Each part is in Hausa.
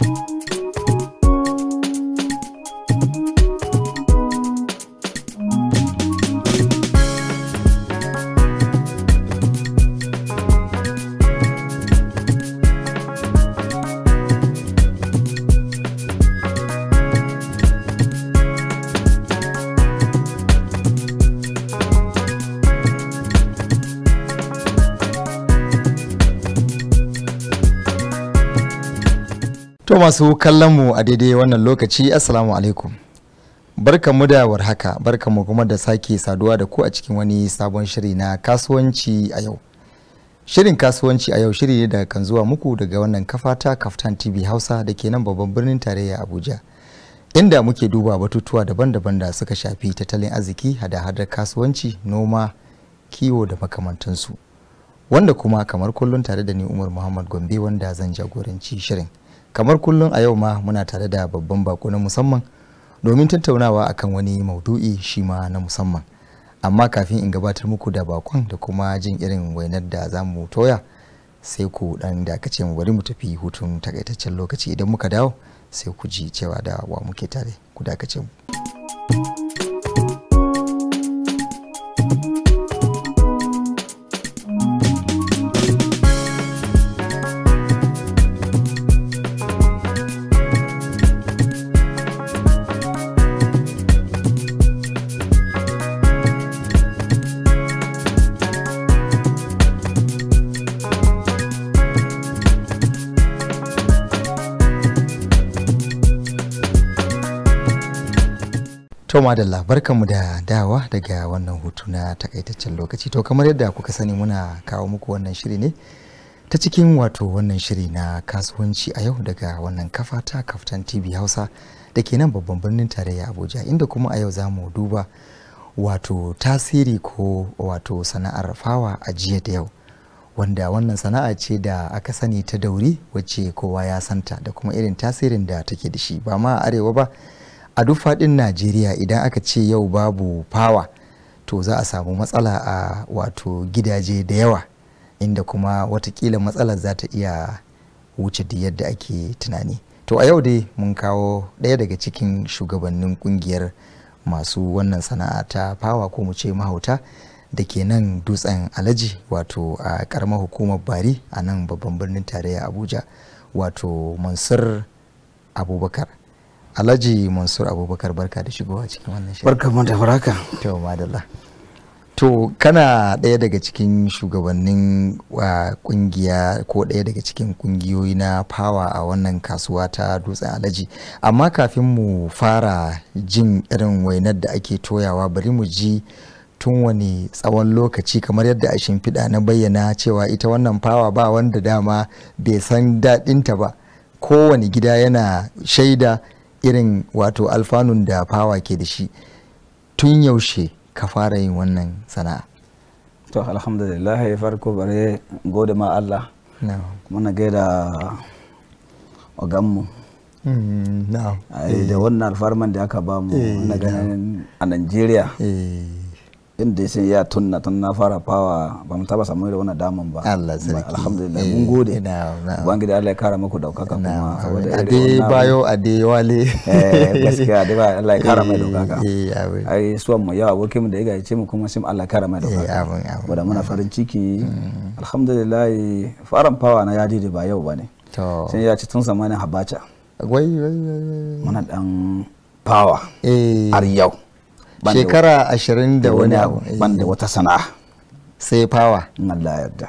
Thank you. masu kallon mu a daidai wannan lokaci Assalamu alaikum. barka mu da warhaka, mu kuma da sake saduwa da ku a cikin wani sabon shiri na kasuwanci a yau. Shirin kasuwanci a yau shiri ne da kan zuwa muku daga wannan kafata Kaftan TV Hausa da ke nan babban birnin tarayya Abuja. Inda muke duba batutuwa daban-daban da suka shafi tattalin arziki, hada-hadar kasuwanci, noma, kiwo da makamantansu. Wanda kuma kamar kullum tare da ni Umar Muhammad Gombe wanda zan jagoranci shirin. kamar kullum a yau ma muna tare da babban bako na musamman domin tattaunawa akan wani maudu'i shi ma na musamman amma kafin in gabatar muku da bakon da kuma jin irin wainar da za mu toya sai ku dan dakace mu bari mu tafi hutun takaitaccen lokaci idan muka dawo sai ku ji cewa da wa muke tare ku dakace mu. madalla mu da dawa daga wannan hutu na takaitaccen lokaci to kamar yadda kuka sani muna kawo muku wannan shiri ne ta cikin wato wannan shiri na kasuwanci a yau daga wannan kafa ta kaftan tv hausa da ke nan babban birnin tarayya abuja inda kuma a yau za mu duba wato tasiri ko wato sana'ar fawa a jiya da yau wanda wannan sana'a ce da aka sani ta dauri wacce kowa ya santa da kuma irin tasirin da take da shi ba ma arewa ba a duk faɗin najeriya idan aka ce yau babu fawa to za a samu matsala a wato gidaje da yawa inda kuma watakila matsalar za ta iya wuce da yadda ake tunani to a yau dai mun kawo ɗaya daga cikin shugabannin kungiyar masu wannan sana'a ta fawa ko mu ce mahauta da ke nan dutsen alaji wato a karamar hukumar bari a nan babban birnin tarayya abuja wato mansur abubakar alhaji mansur abubakar barka da shigowa cikin wannan shirin barka mu da waraka to madalla to kana ɗaya daga cikin shugabannin kungiya ko ɗaya daga cikin kungiyoyi na fawa a wannan kasuwa ta dutsen alhaji, amma kafin mu fara jin irin wainar da ake toyawa bari mu ji tun wani tsawon lokaci kamar yadda a shimfiɗa na bayyana cewa ita wannan fawa ba wanda dama bai san daɗinta ba kowane gida yana shaida irin wato alfanun da fawa ke da shi tun yaushe ka fara yin wannan sana'a to alhamdulillah farko bare gode ma Allah muna gaida ogammu mm-hmm. da eh. wannan alfarman da aka bamu eh, na ganin a Najeriya eh. inda sai ya tunna tun na fara fawa ba mu taba samu da wannan daman ba Allah sarki alhamdulillah eh, mun gode ubangiji Allah ya kara muku daukaka kuma saboda ade bayo ade wale eh gaskiya ade ba Allah ya kara mai daukaka eh, eh ai suwan mu yawa abokin mu da ya ce mu kuma sim Allah ya kara mai daukaka eh amin amin muna farin ciki mm. alhamdulillah faran fawa na yadi da ba yau bane to sai ya ci tun zamanin habacha wai wai wai muna dan fawa eh har yau shekara ashirin da wani abu banda da wata sana'a sai fawa Allah yarda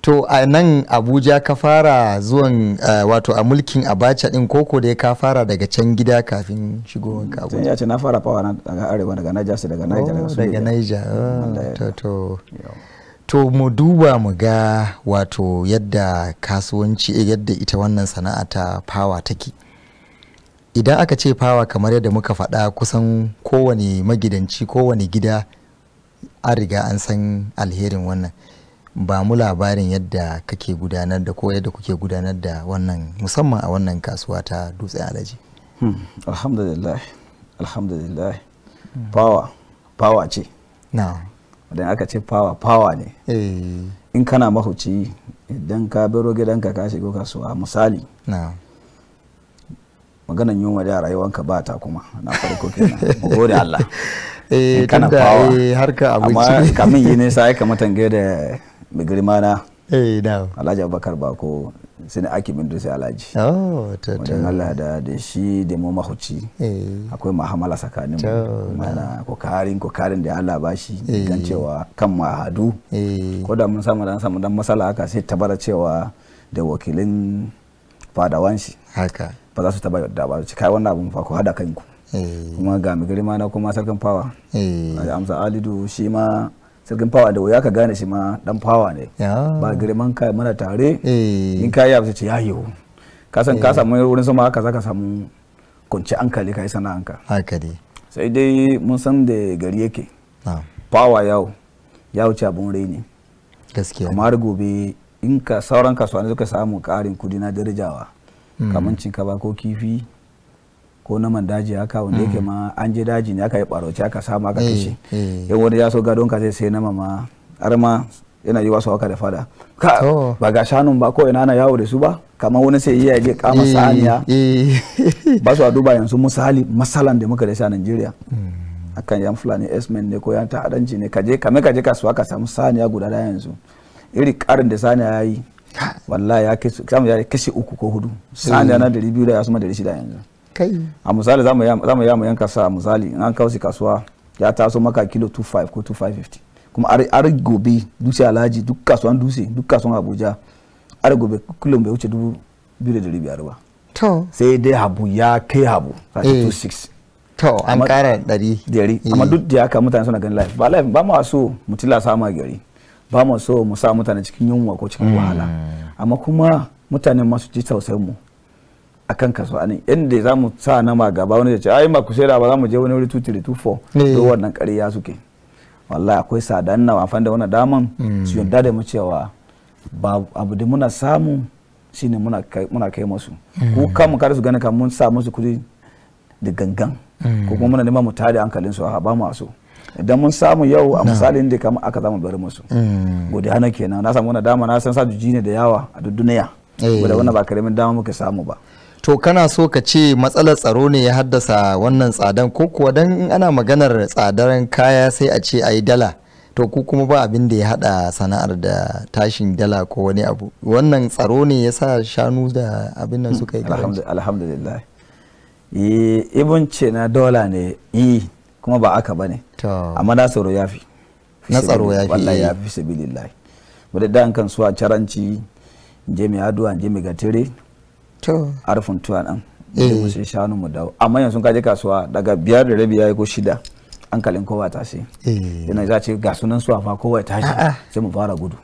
to a nan abuja ka fara zuwan eh, wato a mulkin abacha din koko da ka fara daga can gida kafin shigowar ka abuja ya ce na fara fawa daga arewa daga naija sai daga naija daga oh, daga naija oh, to to mu duba mu ga wato yadda kasuwanci yadda ita wannan sana'a ta fawa take idan aka ce fawa kamar yadda muka faɗa kusan kowane magidanci kowane gida an riga an san alherin wannan ba mu labarin yadda kake gudanar da ko yadda kuke gudanar da wannan musamman a wannan kasuwa ta dutsen alaji hmm, alhamdulillah alhamdulillah fawa fawa ce idan aka ce fawa fawa ne eh. in kana mahuci idan ka biro gidanka ka shigo kasuwa misali no. maganan yunwa da rayuwanka ba ta kuma na farko kenan mu gode Allah eh kana fawa har eh, harka abinci amma kamin yi nisa ya kamata ga da mai na eh da Alhaji Abubakar ko, sai aki min sai Alhaji oh to to Allah da da shi da mu mahuci eh akwai mahamala tsakanin mu mana kokarin kokarin da Allah ba shi kan eh. cewa kan mu hadu eh ko da mun samu dan samu dan masala haka sai tabara cewa da wakilin fadawan shi haka ba za su taba yadda ba ci kai wannan abun fa ko hada kanku eh. kuma ga migiri ma na kuma sarkin fawa da amsa alidu shi ma sarkin fawa da wuya ka gane shi ma dan fawa ne ba girman kai mana tare eh. in kai ya ce ya yiwu ka san ka eh. samu wurin sama haka zaka samu kunci hankali kai sana'anka haka sai dai mun san da gari yake fawa yawo ya ci abun rai ne gaskiya kamar gobe in ka sauran kasuwanni suka samu karin kudi na darajawa Mm. kamar cikaba ko kifi ko naman daji haka wanda yake mm. ma an je daji ne aka yi ɓaroci aka samu aka eh, kashe eh. yan wani ya so gadon ka zai sai nama ma har ma yana yi wasu haka da fada ba ga shanun ba ko ina na yawo da su ba kamar wani sai iya je kama eh, saniya ba su a duba yanzu misali masalan da muka dace a Najeriya mm. akan yan fulani esmen ne ko yan ta'adanci ne kaje kame kaje kasuwa ka samu saniya guda da yanzu iri karin da saniya ya yi wallahi ya kai samu ya kashe uku ko hudu sani yana dari biyu da ya suma dari shida yanzu kai a misali za mu yamu yanka sa misali in an kawo kasuwa ya taso maka kilo 25 ko 250 kuma ar gobe dutse alhaji duk kasuwan dutse duk kasuwan abuja ar gobe kilo bai wuce dubu biyu da dari biyar ba to sai dai habu ya kai habu 26 eh. to an kara dari amma eh. duk da haka mutane suna ganin life ba life ba ma so mutila sama gari ba mu so mu sa mutane cikin yunwa ko cikin wahala mm. amma kuma mutane masu ji tausayin mu akan kasuwanni inda za mu sa na nama gaba wani ya ce ai ma ku ba za mu je wani wuri 2324 to eh. wannan ƙarya suke wallahi akwai sadan na amfani da wannan daman mm. su yadda da mu cewa ba abu da muna samu shine muna kai masu ko mu kare su gani mun sa musu kudi da gangan mm. ko kuma muna neman mu tare hankalin su a ba mu so idan mun samu yau a misalin da kama aka zamu bari musu mm. godiya na kenan na samu wani dama na san sa jiji ne da yawa a duk duniya guda eh. wannan ba karamin dama muka samu ba to kana so ka ce matsalar tsaro ne ya haddasa wannan tsadan ko kuwa dan ana maganar tsadaran kaya sai a ce ayi dala to ku kuma ba abin da ya hada sana'ar da tashin dala ko wani abu wannan tsaro ne ya sa shanu da abin nan suka yi hmm. alhamdulillah eh, ibn ce na dola ne yi eh, kuma ba aka bane amma na tsaro ya fi na tsaro ya fi wallahi ya fi sabilillahi bude da an kan suwa caranci je mai aduwa je mai gatere to arfin tuwa nan eh. sai shanu mu dawo amma yanzu ka je kasuwa daga biyar da rabi yayi ko shida an kalin kowa ta sai eh. yana za ce ga sunan suwa fa kowa ta shi sai mu fara gudu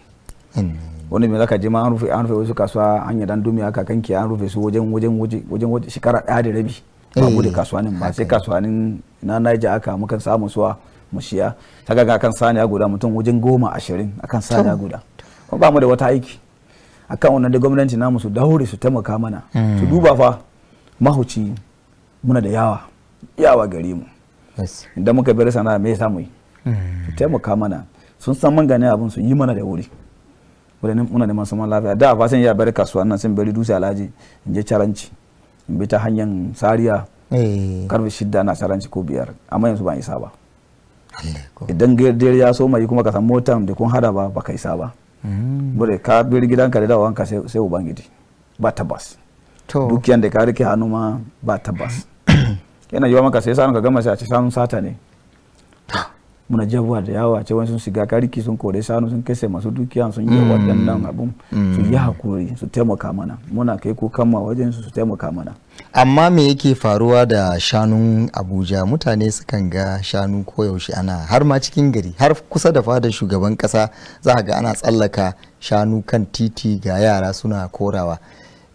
wani mai zaka je ma an rufe an rufe wasu kasuwa hanya dan dumi haka kanki an rufe su wajen wajen wajen shekara daya da rabi ba mu da eh, kasuwanin ba sai kasuwanin na naija aka mukan samu suwa mu shiya ta ga kan saniya guda mutum wajen goma ashirin akan saniya guda kuma ba mu da wata aiki akan wannan da gwamnati namu su daure su taimaka mana su hmm. duba fa mahuci muna da yawa yawa gare mu idan muka bari sana me yasa mu yi hmm. su taimaka mana sun san man gane abin su yi mana da wuri wurin muna masu man lafiya da a fasin ya bari kasuwa nan sun bari dutse alhaji in je caranci bi ta hanyar sariya eh. karfe shidda na saranci ko biyar amma yanzu ban isa ba idan gardiyar ya so mai kuma ka san motan da kun hada ba ba ka isa ba hmm. bude ka bir gidanka da dawanka sai ubangiji ba tabbas dukiyan da ka rike hannu ma ba tabbas yana yiwa maka sai sanu ka gama sai a ci sanu sata ne muna jabuwa da yawa ce wani sun shiga kariki sun kore shanu sun kese masu dukiya sun yi mm. nan abun su yi mm. hakuri su taimaka mana muna kai ko kama wajen su taimaka mana amma me yake faruwa da shanun abuja mutane sukan ga shanu koyaushe ana har ma cikin gari har kusa da fadar shugaban kasa za ga ana tsallaka shanu kan titi ga yara suna korawa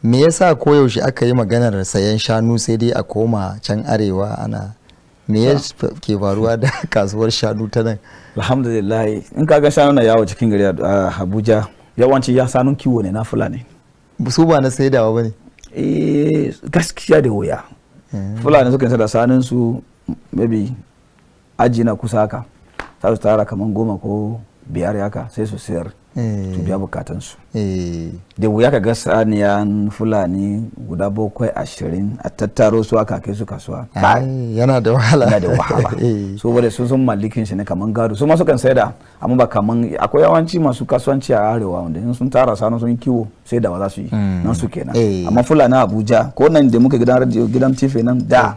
me yasa koyaushe aka yi maganar sayan shanu sai dai a koma can arewa ana me ya ke faruwa da kasuwar shanu ta nan alhamdulillah in ka ga shanu na yawo cikin gari a abuja yawanci ya sanun kiwo ne na fulani su ba na saidawa ba ne eh, gaskiya da wuya eh. fulani suka da sanun su maybe aji na kusa haka za su tara kamar goma ko biyar haka sai su sayar su eh. biya bukatansu Eh, da wuya ka ga saniyan fulani guda bakwai ashirin a tattaro su aka kai su kasuwa yana da wahala yana da wahala so eh. wadda sun sun malikin shi ne kaman gado su masu kan saida amma ba kaman akwai yawanci masu kasuwanci a arewa wanda in sun tara sanu sun kiwo sai da za su yi mm. nan su kenan eh. amma fulani abuja ko nan da muka gidan radio gidan tife nan da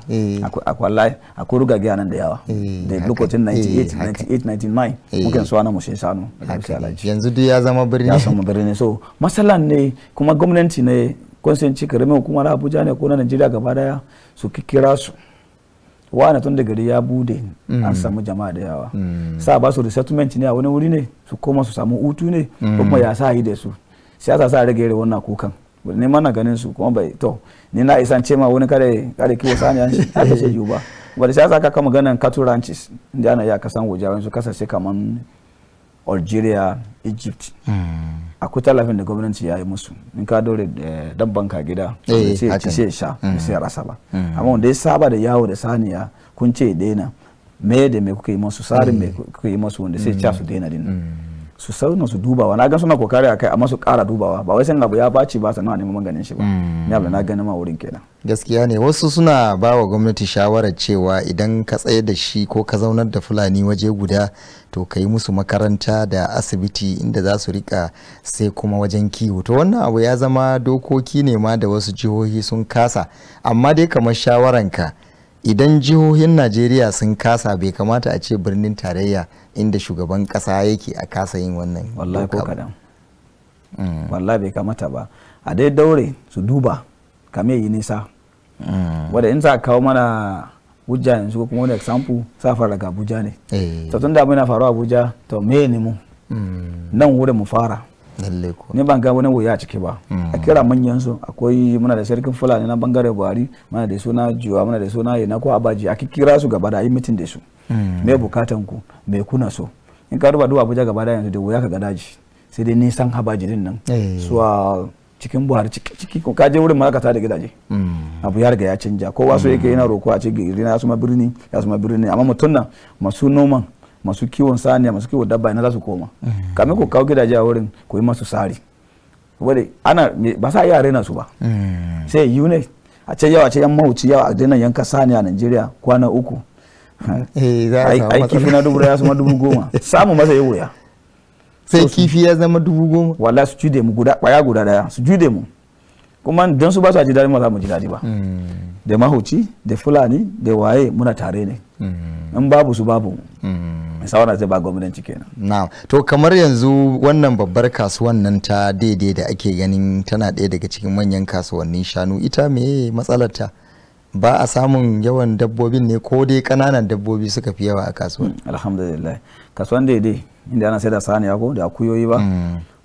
akwai akwai gaya nan da yawa da lokacin 1998 1999 muka suwa na mushe sanu yanzu duk ya zama birni ya zama birni so matsalan ne kuma gwamnati ne ci karamin hukumar abuja ne ko na najeriya gaba daya su kira su wani tun da gari ya bude mm. an samu jama'a da yawa mm. sa ba su resettlement ne a wani wuri ne su koma su samu hutu ne mm. kuma ya sa yi da su siyasa sa rage irin wannan kukan ne mana ganin su kuma bai to ni na isan ce ma wani kare kare kiwo sani an shi ba ce wanda siyasa ka kama ganin katuranci ranches inda ana ya kasan waje su kasance kaman algeria egypt hmm. akwai tallafin da gwamnati ya yi musu in ka dore eh, dan banka gida eh, sai sha sai hmm. rasa ba hmm. amma wanda ya saba da yawo da saniya kun ce daina me da me kuka yi masu tsarin me kuka yi masu wanda sai ca su daina din su sauna su dubawa na ga suna kokari kai amma su kara dubawa ba wai sai abu ya baci ba sannan a neman maganin shi ba hmm. ni abu na gani ma wurin kenan gaskiya ne wasu suna ba wa gwamnati shawarar cewa idan ka tsaye da shi ko ka zaunar da fulani waje guda to ka yi musu makaranta da asibiti inda za su rika sai kuma wajen kiwo to wannan abu ya zama dokoki ne ma da wasu jihohi sun kasa amma dai kamar shawaranka idan jihohin najeriya sun kasa bai kamata a ce birnin tarayya inda shugaban kasa yake a kasa yin wannan wallahi ko kadan mm. bai kamata ba a dai daure su duba kamar yi nisa mm. wadda in za kawo mana hujja yanzu ko kuma wani example safar daga abuja ne eh. to tun da na faruwa abuja to me ne mu mm. nan wurin mu fara ne ban ga wani wuya a ciki ba hmm. a kira manyan su akwai muna da sarkin fulani na bangare buhari muna da suna juwa muna da suna yana ko abaji a kira su gaba da yi mitin da su hmm. me bukatan ku mai kuna so in ka duba duba abuja gaba da yanzu da wuya ka ga daji sai dai nisan habaji din nan eh. su a cikin buhari ciki ko kaje wurin ma da gidaje hmm. abu ya riga ya canja kowa so yake yana roko a cikin gari na ya suma birni ya suma birni amma mutum nan masu noman masu kiwon saniya masu kiwon dabba na za su koma eh. kamin ku kawo gidaje a wurin ku yi masu sari wadda ana ba sa iya raina su ba eh. sai yi ne a ce yawa ce yan mahuci yawa a daina yanka saniya a Najeriya kwana uku yi eh, kifi na dubu ya zama dubu goma samun masa yi wuya sai kifi ya zama dubu goma wala su jude mu guda kwaya guda daya su jude mu kuma don su ba su ji daɗi ma za mu ji daɗi ba mm. da mahuci da fulani da waye muna tare ne mm. in babu su babu mm. shawara zai ba gwamnati kenan na'am to kamar yanzu wannan babbar kasuwan nan ta daidai da ake ganin tana ɗaya daga cikin manyan kasuwannin shanu ita me matsalar ta ba a samun yawan dabbobin ne ko dai kananan dabbobi suka fi yawa a kasuwan alhamdulillah kasuwan daidai inda ana sai da saniya ko da akuyoyi ba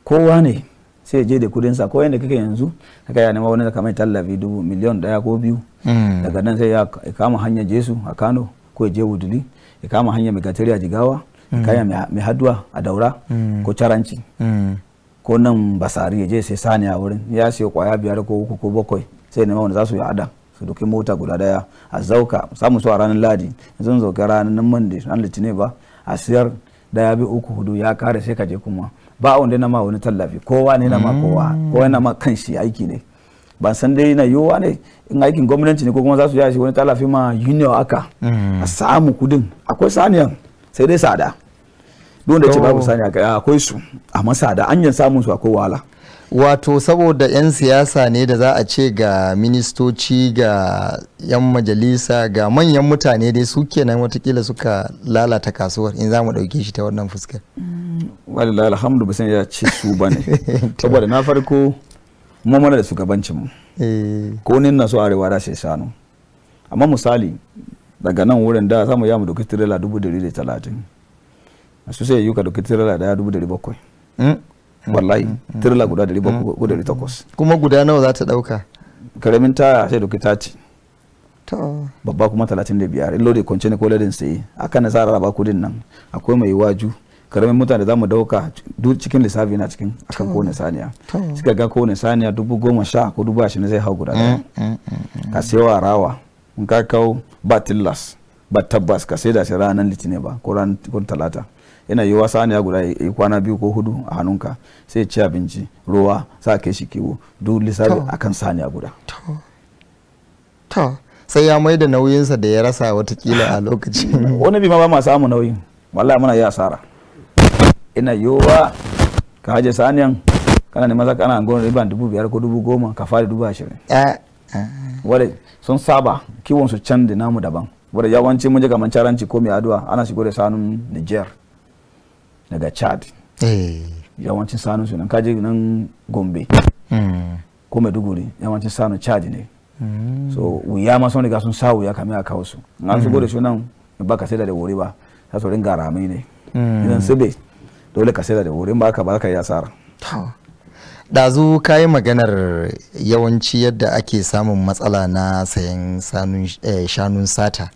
kowa ne sai je da kudin sa ko yanda kake yanzu haka ya nema wani da kamar tallafi dubu miliyon daya ko biyu hmm. daga nan sai ya kama hanyar jesu a kano ko je wuduli ya kama hanyar megatari a jigawa hmm. kaya mai haduwa a daura hmm. ko caranci ko nan basari ya je sai sani a wurin ya siya kwaya biyar ko uku ko bakwai sai nema wani za su yi ada su doki mota guda daya a zauka samu su a ranar ladi yanzu zauka ranar monday an litinin ba a siyar daya bi uku hudu ya kare sai ka je kuma ba wanda na ma wani tallafi kowa ne na ma mm. kowa kowa na ma kan shi aiki ne ban san dai na yiwuwa ne in aikin gwamnati ne ko kuma za su yashi wani tallafi ma union aka mm. a samu kudin akwai saniyan sai dai sada don da ce babu saniya akwai su amma sada an yan samun su akwai wahala wato saboda 'yan siyasa ne da za a ce ga ministoci ga 'yan majalisa ga manyan mutane dai su kenan watakila suka lalata kasuwar in za mu ɗauke shi ta wannan fuskar mm. wani alhamdu ba ya ce su ba ne saboda na farko mu mana da shugabancin mu eh. ko nin na so arewa da sai shanu amma misali daga nan wurin da samu ya mu dauki tirela dubu dari da talatin su sai yi ka dauki tirela daya dubu dari bakwai mm. wallahi mm, mm, tirla mm. guda dari bakwai guda dari takwas kuma guda nawa za ta dauka karamin taya sai ta ce. babba kuma talatin da biyar in lodi kwanci ne ko ladin sai akan na zara raba kudin nan akwai mai waju karamin mutane za mu dauka duk cikin lissafi na cikin akan kowane saniya suka ga kowane saniya dubu goma sha ko dubu ashirin zai hau guda ɗaya ka a rawa in ka kawo ba tillas ba tabbas ka sai da shi ranar litinin ba ko ranar talata yana yiwuwa saniya guda yi kwana biyu ko hudu a hannunka sai ci abinci ruwa sa ke shi kiwo duk lissafi akan saniya guda to sai ya mai da nauyinsa da ya rasa watakila a lokacin wani bi ma ba ma samu nauyin wallahi muna yi asara ina yiwuwa ka haje saniyan kana neman zaka ana gona riban dubu biyar ko dubu goma ka fara dubu ashirin ah, ah. wadda sun saba kiwon su can da namu daban wadda yawanci mun je kaman caranci ko mai aduwa ana shigo da sanun niger daga chad eh. yawancin sanu su nan kaji nan gombe hmm. ko maiduguri yawancin sanu chad ne hmm. so wuya ma sun riga sun sa wuya kamar a kawo su an su gode hmm. su nan ba ka saida da wuri ba ta su ringa ramai ne idan su bai dole ka saida da wuri ba ka ba ka yi asara ɗazu ka yi maganar yawanci yadda ake samun matsala na sayan eh, shanun sata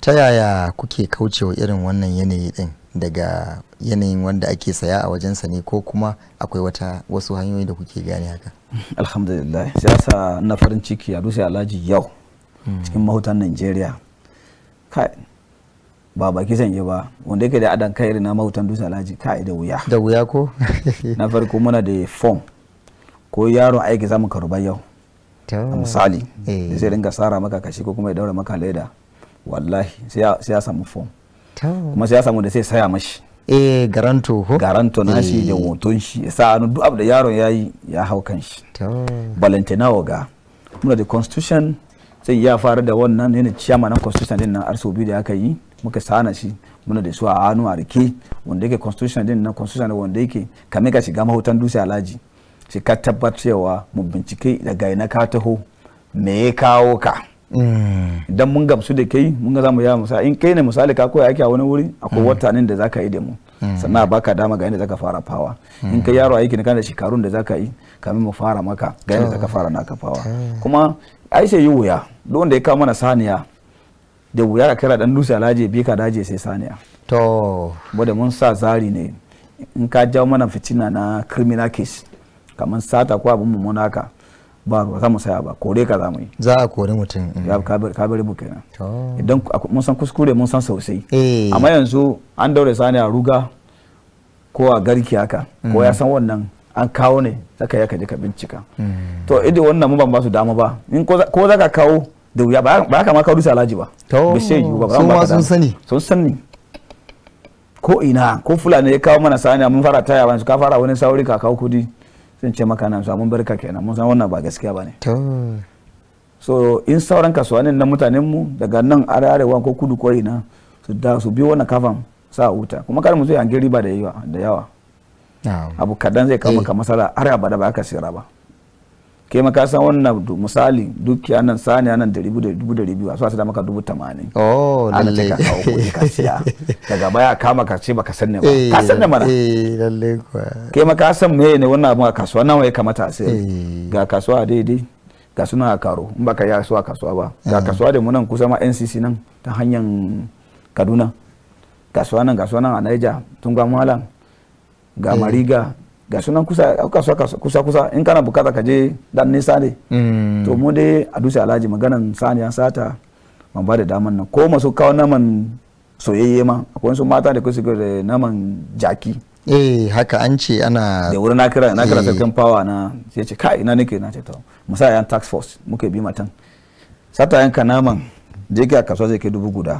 ta yaya kuke kaucewa irin wannan yanayi din daga yanayin wanda ake saya a wajensa ne ko kuma akwai wata wasu hanyoyi da kuke gane haka alhamdulillah siyasa na farin ciki a dusa alhaji yau hmm. cikin mahutan najeriya kai ba baki zan yi ba wanda yake da adan kai na mahutan dusa alhaji kai da wuya da wuya ko na farko muna da form ko yaron aiki zamu karuba yau misali da eh. zai ringa tsara maka kashi ko kuma ya daura maka leda wallahi sai ya samu form kuma sai ya samu da sai saya mashi eh garanto ko garanto na shi da eh. hoton shi sa anu duk abu da yaron yayi ya hau kan shi valentina oga muna da constitution sai ya fara da wannan ne chairman na constitution din nan arso bi da aka yi muka sana shi muna da su a hannu a rike wanda yake constitution din nan constitution wanda yake kame ka shiga mahotan dutse alaji shi ka tabbatar cewa mu bincike daga ina ka taho me ya kawo ka Mm. Idan mun gamsu da kai mun ga zamu ya musa in kai ne misali ka koya aiki a wani wuri akwai mm. wata nan da zaka yi da mu mm. sannan baka dama ga inda zaka fara fawa in kai yaro aiki ne kana da shekarun da zaka yi kamin mu fara maka ga inda zaka fara naka fawa kuma ai sai yi wuya don da ya kawo mana saniya da wuya ka kira dan dusa laje bi ka daje sai saniya to da mun sa zari ne in ka jawo mana fitina na criminal case kamar sata ko abin mummunaka ba za mu saya ba kore ka za mu yi za a kore mutum mm. ka bari mu kenan idan mun san kuskure mun san sosai eh. amma yanzu an daure sani a ruga ko a garki haka ko ya mm. san wannan an kawo ne zaka ya kaje ka bincika mm. to idan wannan mu ban ba su dama ba in ko zaka kawo da wuya ba ka ma kawo rusa alhaji ba ba sai sun sani sun sani ko ina ko fulani ya kawo mana sani mun fara taya ba ka fara wani sauri ka kawo kudi sun ce maka nan mun barka kenan mun san wannan ba gaskiya ba ne so in sauran kasuwannin na mutanen mu daga nan arewa ko kudu ko na su da su biyo wannan kafan sa wuta kuma kar mu zo an riba da yawa da yawa abu kadan zai kama eh. ka masala har abada ba ka sira ba ke ma san wannan misali dukiya nan saniya nan da ribu da dubu da ribu su da maka dubu tamanin oh lalle ka kawo kuɗi ka siya daga baya kama ka ce baka san ne ba ka san ne eh, mana eh lalle kuwa ke ma san me ne wannan abun a kasuwa nawa ya kamata a sayar eh. ga kasuwa daidai ga suna a karo in baka ya a kasuwa ba ga eh. kasuwa da mu nan kusa ma NCC nan ta hanyar Kaduna kasuwa nan kasuwa nan a Niger Tunga Malam ga Mariga ga sunan kusa kasuwa kusa kusa in kana bukata ka je dan nisa ne mm. to mu dai a dusa alhaji maganan saniya sata man ba da daman nan ko masu kawo naman soyayye ma akwai wasu mata da kusa da naman jaki eh haka an ce ana da wuri na kira na kira eh. sarkin fawa na sai ce kai ina nake na ce to musa yan tax force muke bi matan sata yanka naman je ka kasuwa zai kai dubu guda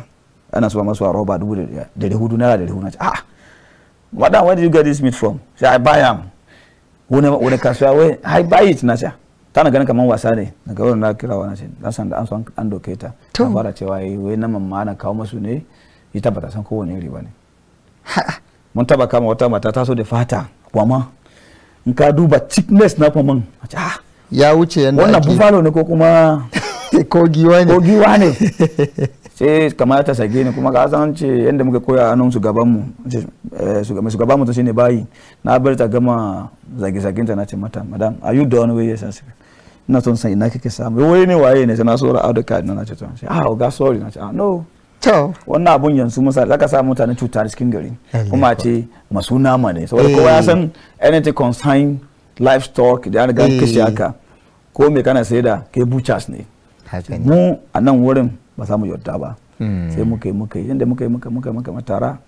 ana so masu a roba dubu da hudu naira da hudu na ce a'a madam where did you get this meat from say i buy am wani kasuwa we? i buy it na sha na ganin kaman wasa ne na ga na kira wannan ce dan san da an san an doke ta ta fara cewa yi eh, we na mamma na kawo masu ne Yi tabbata san ko wani riba ne mun taba kama wata mata ta so da fata kwama in ka duba thickness na kuma kwaman ah, ya wuce yana wannan buffalo ne ko kuma ko giwa ne ko giwa ne sai kamar ta sage ni kuma ka san ce yadda muka koya a nan shugabanmu eh, shugabanmu ta shine bayi na bar ta gama zage-zagen ta na ce mata madam are you done with yes sir ina son san ina kike samu wai ne waye ne sai na so ra auto card na ce to ah ga sorry na ce ah no to wannan abun yanzu musa zaka sa mutane cuta cikin gari kuma ce masu nama ne saboda kowa ya san eh. anything concern livestock da an ga kishi eh. aka ko me kana sayar da ke butchers ne mu a nan wurin ba samu yarda ba sai muka yi muka yi inda muka yi muka muka matara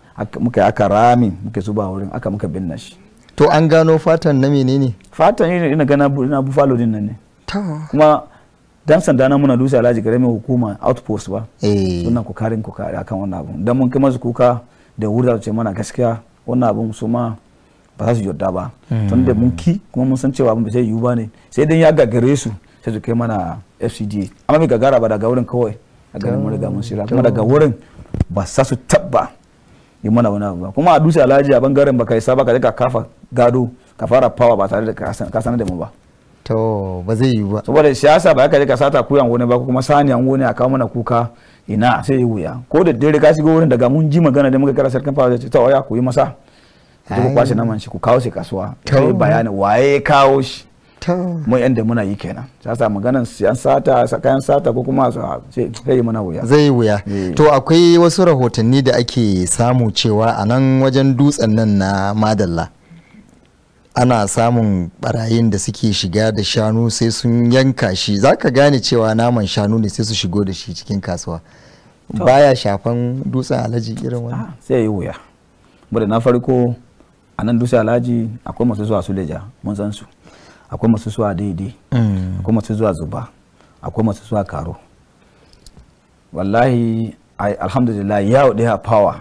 muka yi aka rami muka zuba wurin aka muka binna shi to an gano fatan na menene fatan ne ina gana na buffalo din nan ne kuma dan sanda na muna dusa alhaji karamin hukuma outpost ba sunan ku karin ku kare akan wannan abun dan mun kai masu kuka da wuri ce mana gaskiya wannan abun su ma ba za su yarda ba tun da mun ki kuma mun san cewa abin ba zai yiwu ba ne sai dan ya gagare su sai su kai mana fcda amma bai gagara ba daga wurin kawai a garin mun riga mun shirya kuma daga wurin ba sa su tabba yi mana wani abu ba kuma a dutse alhaji a bangaren baka isa saba ka ka kafa gado ka fara fawa ba tare da ka sanar da mu ba to ba zai yiwu ba saboda siyasa ba ka ka sata kuyan wani ba kuma saniyan wani a kawo mana kuka ina sai yi wuya ko da dare ka shigo wurin daga mun ji magana da muka kira sarkin fawa ce ta ya ku yi masa ku kwashe naman shi ku kawo shi kasuwa kai bayani waye kawo shi mu yadda muna yi kenan sasa maganan siyan sata kayan sata ko kuma zai yi mana wuya zai yi wuya eh. to akwai wasu rahotanni da ake samu cewa a nan wajen dutsen nan na madalla ana samun barayin da suke shiga da shanu sai sun yanka shi za ka gane cewa naman shanu ne sai su shigo da shi cikin kasuwa baya shafan dutsen alaji irin ah, wani sai yi wuya bude na farko a nan dutsen alaji akwai masu zuwa suleja mun san su akwai masu zuwa daidai mm. akwai masu zuwa zuba akwai masu zuwa karo wallahi alhamdulillah wuɗe a fawa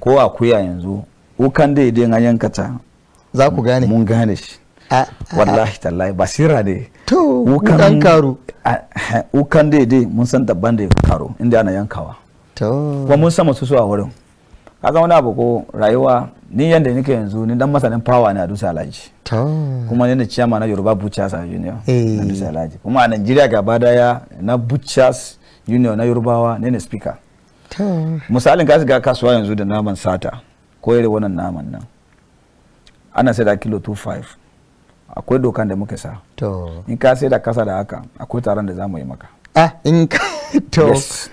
ko a kuya yanzu ukan daidai an yankata za ku gane mun gane shi wallahi tallahi basira ne to wukan karo wukan daidai mun san daban da karo inda ana yankawa to kuma mun san masu zuwa wurin kaga wani abu ko rayuwa ni yanda nake yanzu ni dan masanin power ne a dusa alhaji kuma ni ne chairman na yoruba butchers union na eh. dusa alhaji kuma a nigeria gaba daya na butchers union na yorubawa ne ne speaker misalin ka ga kasuwa yanzu da naman sata ko irin wannan naman nan ana sai da kilo 25 akwai dokan da muka sa in ka sai da kasa da haka akwai taron da za mu yi maka ah in ka to yes.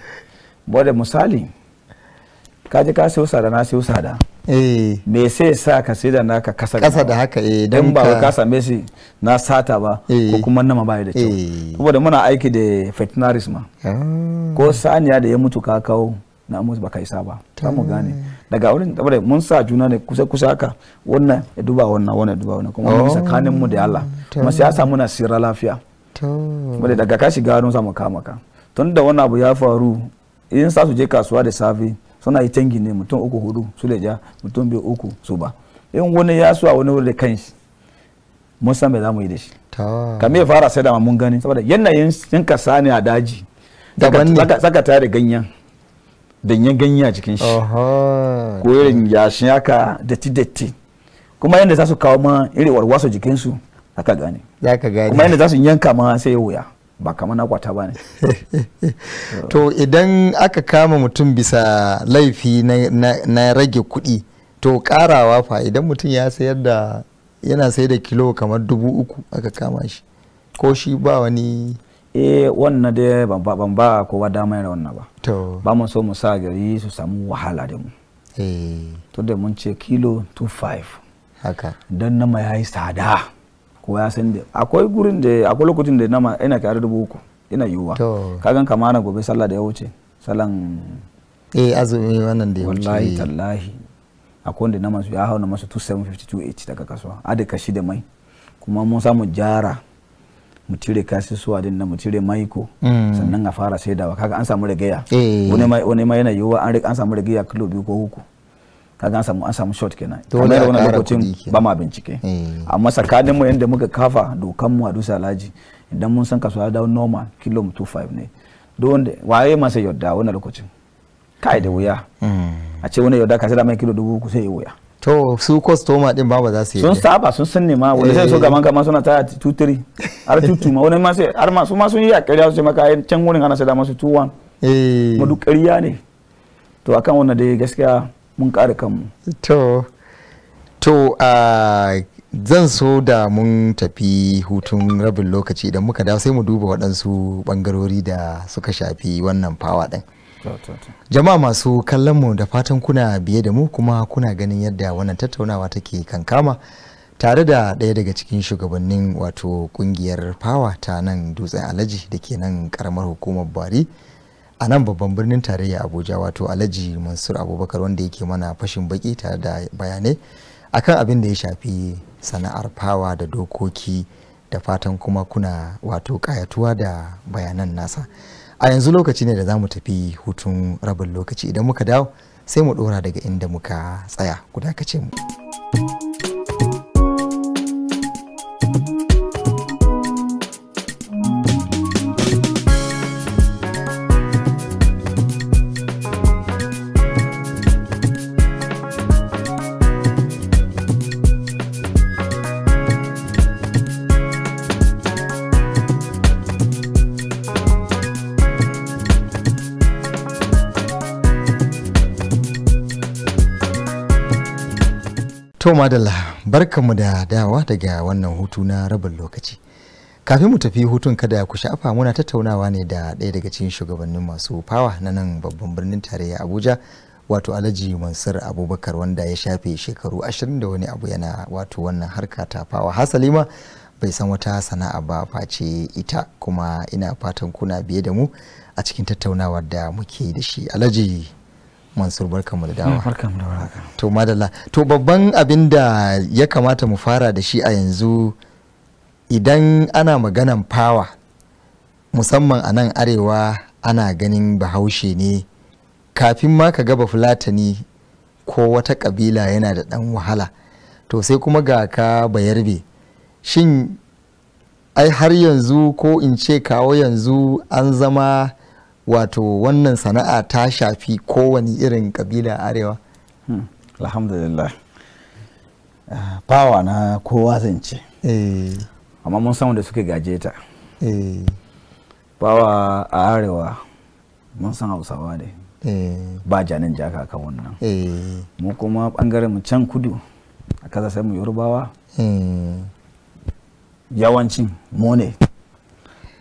misali ka je ka sai sada na sai sada Eh. me sai sa ka sai da naka kasa kasa da haka eh dan ba ka same shi na sata ba ko eh. kuma nama bai da kyau eh. saboda muna aiki da veterinaries ma ah. ko saniya da ya mutu ka kawo na musu baka isa ba ta mu gane daga wurin saboda mun sa juna ne kusa kusa haka wannan ya duba wannan wannan duba wannan kuma mun oh. tsakanin mu da Allah kuma sai ya samu na sirra lafiya wanda daga ka shiga don samu kama ka tun da wannan abu ya faru in sa su je kasuwa da safe suna yi tangi ne mutum uku hudu su da ja mutum biyu uku su ba in wani ya suwa wani wurin da kanshi mun san bai za mu yi da shi kamar ya fara sai da mun gani saboda yanayin yanka sani a daji saka tare ganyen danyen ganyen a cikin shi ko irin yashin haka datti datti kuma yadda za su kawo ma irin warwaso jikinsu aka gane kuma yadda za su yanka ma sai ya wuya ba kama na kwata ba ne to idan aka kama mutum bisa laifi na rage kuɗi to karawa fa idan mutum ya sayar da yana sayar da kilo kamar dubu uku aka kama shi ko shi ba wani eh wannan dai ban ba kowa dama yana wannan ba ba mu so mu sa gari su samu wahala da mu eh. to da mun ce kilo 25 haka don nama ya yi tsada ko ya san da akwai gurin da akwai lokacin da nama ina tare da uku ina yiwuwa kagan kamana gobe sallah da ya wuce sallan eh azumi wannan da ya wuce wallahi tallahi akwai wanda nama masu ya hauna masa 2752 daga kasuwa ada shi da mai kuma mun samu jara mu cire suwa din na mu cire maiko mm. sannan a fara saidawa kaga an samu rigaya eh. wani ma yana yiwuwa an samu rigaya kilo biyu ko uku kaga an samu an samu short kenan kamar da wannan lokacin ba ma bincike eh. amma tsakanin mu yadda muka kafa dokan mu a dusa laji idan mun san kasuwa da normal kilo 25 ne don waye masa yadda wannan lokacin kai da wuya hmm. a ce wani yadda ka sai da mai kilo dubu ku sai ya wuya to su customer din ba ba za su yi sun saba sun san ne ma wani sai so gama eh. gama suna ta 23 har tutu ma wani ma sai har ma su ma sun yi a su ce maka can wurin ana sai da masu 2-1 eh. ma duk ƙarya ne to akan wannan dai gaskiya mun kare kanmu to to zan so da mun tafi hutun rabin lokaci idan muka da sai mu duba waɗansu ɓangarori da suka shafi wannan fawa ɗin jama'a masu kallon mu da fatan kuna biye da mu kuma kuna ganin yadda wannan tattaunawa take kankama tare da ɗaya daga cikin shugabannin wato ƙungiyar fawa ta nan dutsen alaji da ke nan ƙaramar hukumar bari a nan babban birnin tarayya abuja wato alhaji mansur abubakar wanda yake mana fashin baki tare da bayanai akan abin da ya shafi sana'ar fawa da dokoki da fatan kuma kuna wato kayatuwa da bayanan nasa a yanzu lokaci ne da za mu tafi hutun rabin lokaci idan muka dawo sai mu dora daga inda muka tsaya ka ce mu. To madalla barkanmu da dawa daga wannan hutu na rabin lokaci. Kafin mu tafi hutun kada ku shafa muna tattaunawa ne da ɗaya daga cikin shugabannin masu fawa na nan babban birnin tarayya Abuja wato Alhaji Mansur Abubakar wanda ya shafe shekaru ashirin da wani abu yana wato wannan harka ta fawa. hasalima bai san wata sana'a ba face ita kuma ina fatan kuna biye da mu a cikin tattaunawar da muke da shi. Alhaji mansur mu da mm, dawa to madalla to babban abin da ya kamata mu fara da shi a yanzu idan ana maganan fawa musamman a nan arewa ana ganin bahaushe ne kafin ma ka gaba fulatani ko wata kabila yana da ɗan wahala to sai kuma ga ka bayarbe shin ai har yanzu ko in ce kawo yanzu an zama wato wannan sana'a ta shafi kowane irin kabila arewa hmm. alhamdulillah fawa ah, na kowa zance eh. amma mun san da suke gaje ta fawa eh. a arewa mun san hausawa ne eh. ba janin jaka kan wannan mu kuma bangaren mu can kudu a kasa sai mu yorubawa yawancin mu ne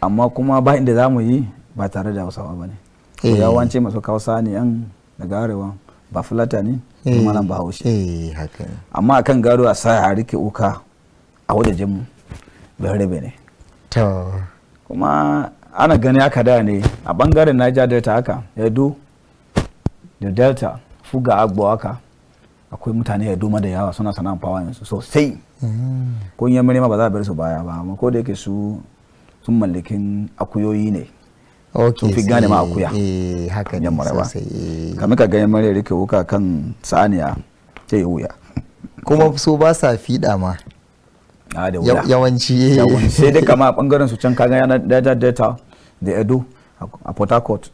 amma kuma ba inda za mu yi ba tare da hausawa ba ne yawanci eh. masu kausa eh. eh, ne yan da garewa ba fulata ne kuma nan ba haushi amma akan gado a sa a rike uka a wajajen mu rabe ne kuma ana gani aka da ne a bangaren niger delta haka edo da delta fuga agbo haka akwai mutane ya duma da yawa suna sana'an fawa yanzu sosai mm. kun yi ma ba za a bar su baya ba amma ko da yake su sun mallakin akuyoyi ne sun fi gane ma akuya eh, haka ne maraba kamar eh. ka ganin mare rike wuka kan saniya sai yi wuya kuma so ba sa fiɗa ma ah, eh. yawanci sai dai kama a bangaren su can kaga yana data data da edo a port harcourt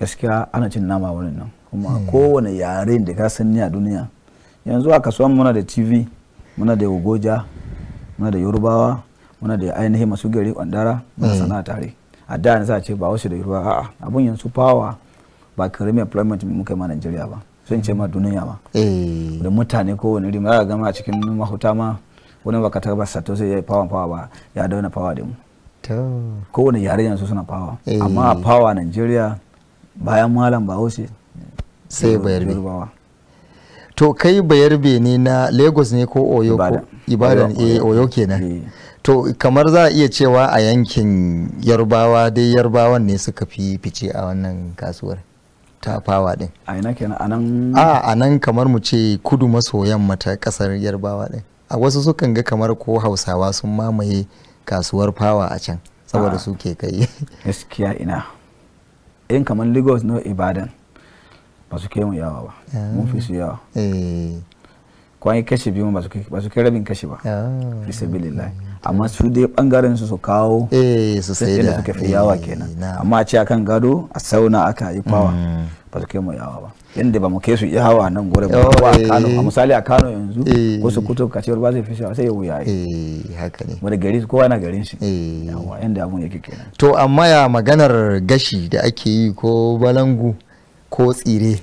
gaskiya ana cin nama wurin nan kuma hmm. kowane yare da ka san ni a duniya yanzu a kasuwan muna da tv muna da ogoja muna da yorubawa muna da ainihin masu gari kwandara muna hmm. sana'a tare a da za a ce ba wasu da ruwa a'a abun yanzu fawa ba karamin employment muka yi ma Najeriya ba sun ce ma duniya ma eh. da mutane ko wani rima za gama a cikin mahuta ma wani baka ta basa sato sai ya fawa fawa ba ya dauna fawa da mu kowane yare yanzu suna fawa eh. amma fawa Najeriya bayan malam ba wasu sai bayar to kai bayarbe ne na lagos ne ko oyo ko ibadan eh oyo kenan eh. to kamar za a iya cewa a yankin yarbawa dai yarbawan ne suka fi fice a wannan kasuwar ta fawa din a ina kenan a nan a a nan kamar mu ce kudu maso yamma ta kasar yarbawa din a wasu sukan ga kamar ko hausawa sun mamaye kasuwar fawa a can saboda su ke kai gaskiya ina in kamar lagos no ibadan ba su kai mu yawa ba ah. mun fi su yawa eh. kwan yi kashe biyu ba su kai rabin kashe ba ah. fisabilillahi amma su dai bangaren su su kawo eh su sai da suke fi yawa eh, kenan amma a ce akan gado a sauna aka yi kwawa mm. ba su kai mu yawa ba yadda ba mu kai su yawa hawa nan gore ba a oh, Kano a eh. misali a Kano yanzu eh. wasu kutu ka ba zai fi shi sai ya wuya yi haka ne da gari kowa na garin shi yawa yadda abun yake kenan to amma ya maganar gashi da ake yi ko balangu ko tsire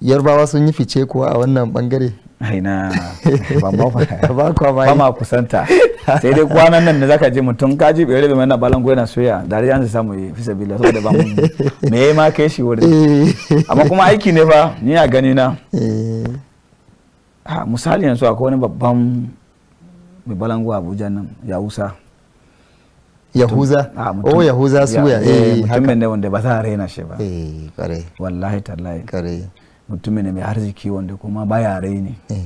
yarbawa sun yi fice kuwa a wannan bangare haina ba ba ma kusanta sai dai kwanan nan da zaka je mutum ka ji bai da balan soya da an samu fi sabila me ma kai shi wurin eh. amma kuma aiki ne fa ni a gani na ha eh. ah, misali yanzu wani babban mai Abuja nan yahuza yahuza ah, oh, suya eh, ba za a raina shi ba eh mutum ne mai arziki wanda kuma baya raini eh.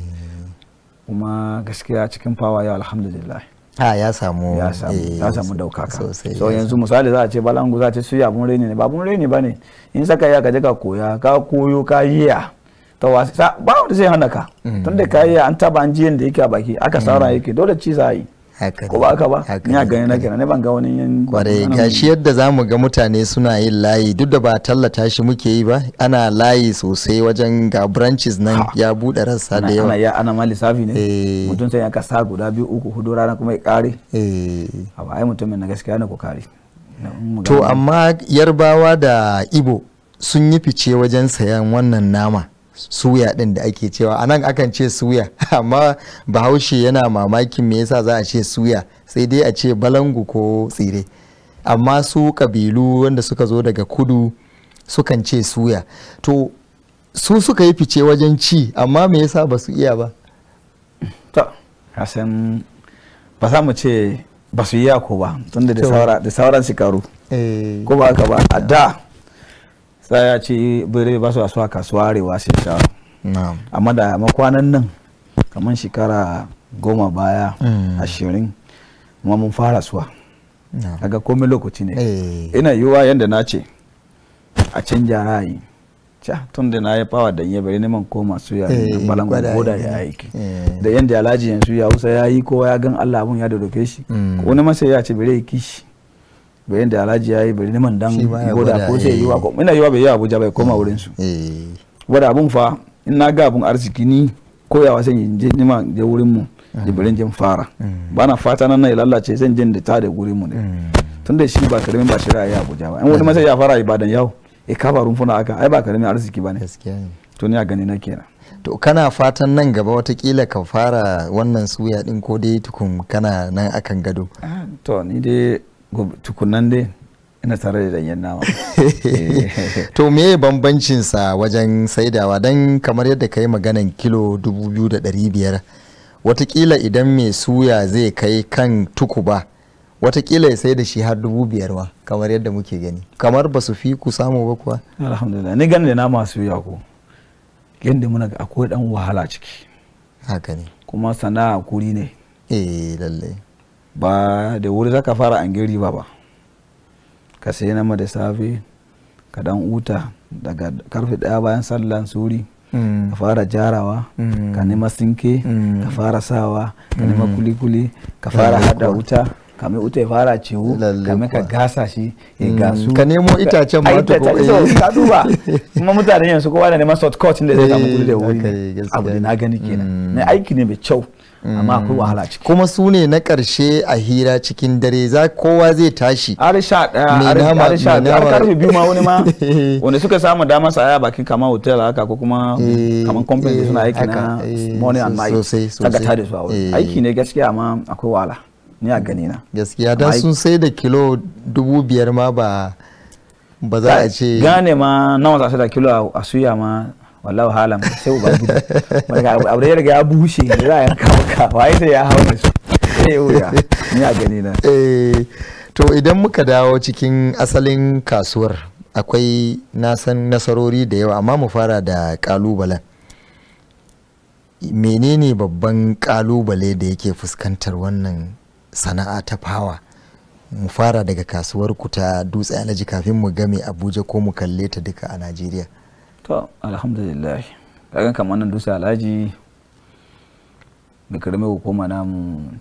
kuma gaskiya cikin fawa yau alhamdulillah ha ya samu ya samu ya eh, samu daukaka so yanzu misali za a ce balangu za a ce suya abun raini ne ba abun raini ba ne in saka ya ka je koya ka koyo ka ya ta wasa ba wanda zai hana ka mm. tunda ka ya an taba an jiyan da yake a baki aka saura mm. yake dole ci za a yi ko ba haka ba ina gani na kenan ne ban ga wani yan kwarai gashi yadda zamu ga mutane suna yin layi duk da ba tallata shi muke yi ba ana layi sosai wajen ga branches nan ya bude rassa da yawa ana ya ana ma lissafi ne eh. mutum sai ya sa guda biyu uku hudu rana kuma ya kare eh ba ai mutumin na gaskiya ne ko kare to amma yarbawa da ibo sun yi fice wajen sayan wannan nama suya din da ake cewa a nan akan ce suya amma bahaushe yana mamakin me yasa za a ce suya sai dai a ce balangu ko tsire amma su kabilu wanda suka zo daga kudu sukan ce suya to su suka yi fice wajen ci amma me yasa ba su iya ba to kasan ba za mu ce ba su iya ko ba tunda da sauran shekaru eh. ko ba haka ba a da tsaya ya ce bere ba su a kasuwa arewa sai sha amma da makwanan nan kamar shekara goma baya mm. ashirin kuma mun fara suwa daga komai lokaci ne eh. ina yiwuwa yadda na ce a canja ra'ayi ca tun da na yi fawa da yi bari neman eh. koma su ya balangon da ya aiki da yadda alhaji yanzu ya wusa ya yi kowa ya gan allah abun ya da rufe shi wani masa ya ce bari ya kishi bayan da alhaji ya yi bari neman dan goda ko sai wa ko ina wa bai yi abuja bai koma mm. wurin su eh. wanda abun fa in na ga abun arziki ni koyawa sai in je nima je wurin mu jibirin mm. jin fara mm. bana fata nan na lallace zan jin da ta da wurin mu ne tun da shi ba karamin ba shi ra'ayi abuja ba in wani masa ya fara ibadan yau e kafa rumfuna aka ai ba karamin arziki ba ne to ni a gani na kenan to kana fatan nan gaba watakila ka fara wannan suya din ko dai tukun kana nan akan gado ah, to ni dai tukunan dai ina tare da danyen nama to me bambancin sa wajen saidawa don kamar yadda ka yi maganan kilo 2,500 watakila idan mai suya zai kai kan tukuba watakila ya sai da shi har dubu biyar wa? kamar yadda muke gani kamar ba su fi ku samu ba kuwa alhamdulillah ni gani da na masu suya ko yadda muna akwai dan wahala ciki haka ne kuma sana'a kuri ne eh lalle ba da wuri zaka fara an riba ba ka sai nama da safe ka dan uta daga karfe daya bayan sallan suri mm. ka fara jarawa mm. ka nema sinke mm. ka fara sawa ka nema kulikuli ka fara hada wuta kamar wuta ya fara cewu kamar ka gasa shi ya gasu ka nemo itacen ba ta kuma ka duba kuma mutane yanzu kowa da neman shortcut da zai samu kudi da eh, wuri abu da na gani kenan na aiki ne mai kyau amma akwai wahala ciki kuma su ne na karshe a hira cikin dare za kowa zai tashi daya har karfe biyu ma wani ma eh. wanda suka samu damar sa aya bakin kama hotel haka ko kuma eh. kaman company suna aiki na eh, morning and night sosai. tare su a aiki ne gaskiya amma akwai wahala ni a gani na gaskiya dan sun sai da kilo dubu biyar ma ba ba za a ce gane ma nawa za su da kilo a suya ma wallahu halam sai ubangiji wanda abu da ya riga ya bushe ne za a yanka maka waye sai ya hau da su wuya ni a gani na eh, to idan muka dawo cikin asalin kasuwar akwai nasan nasarori da yawa amma mu fara da kalubalen menene babban kalubale da yake fuskantar wannan sana'a ta fawa mu fara daga kasuwar ku ta dutse alaji kafin mu game abuja ko mu kalle ta duka a najeriya to alhamdulillah kagan kamar nan dusa alhaji da karamar hukuma na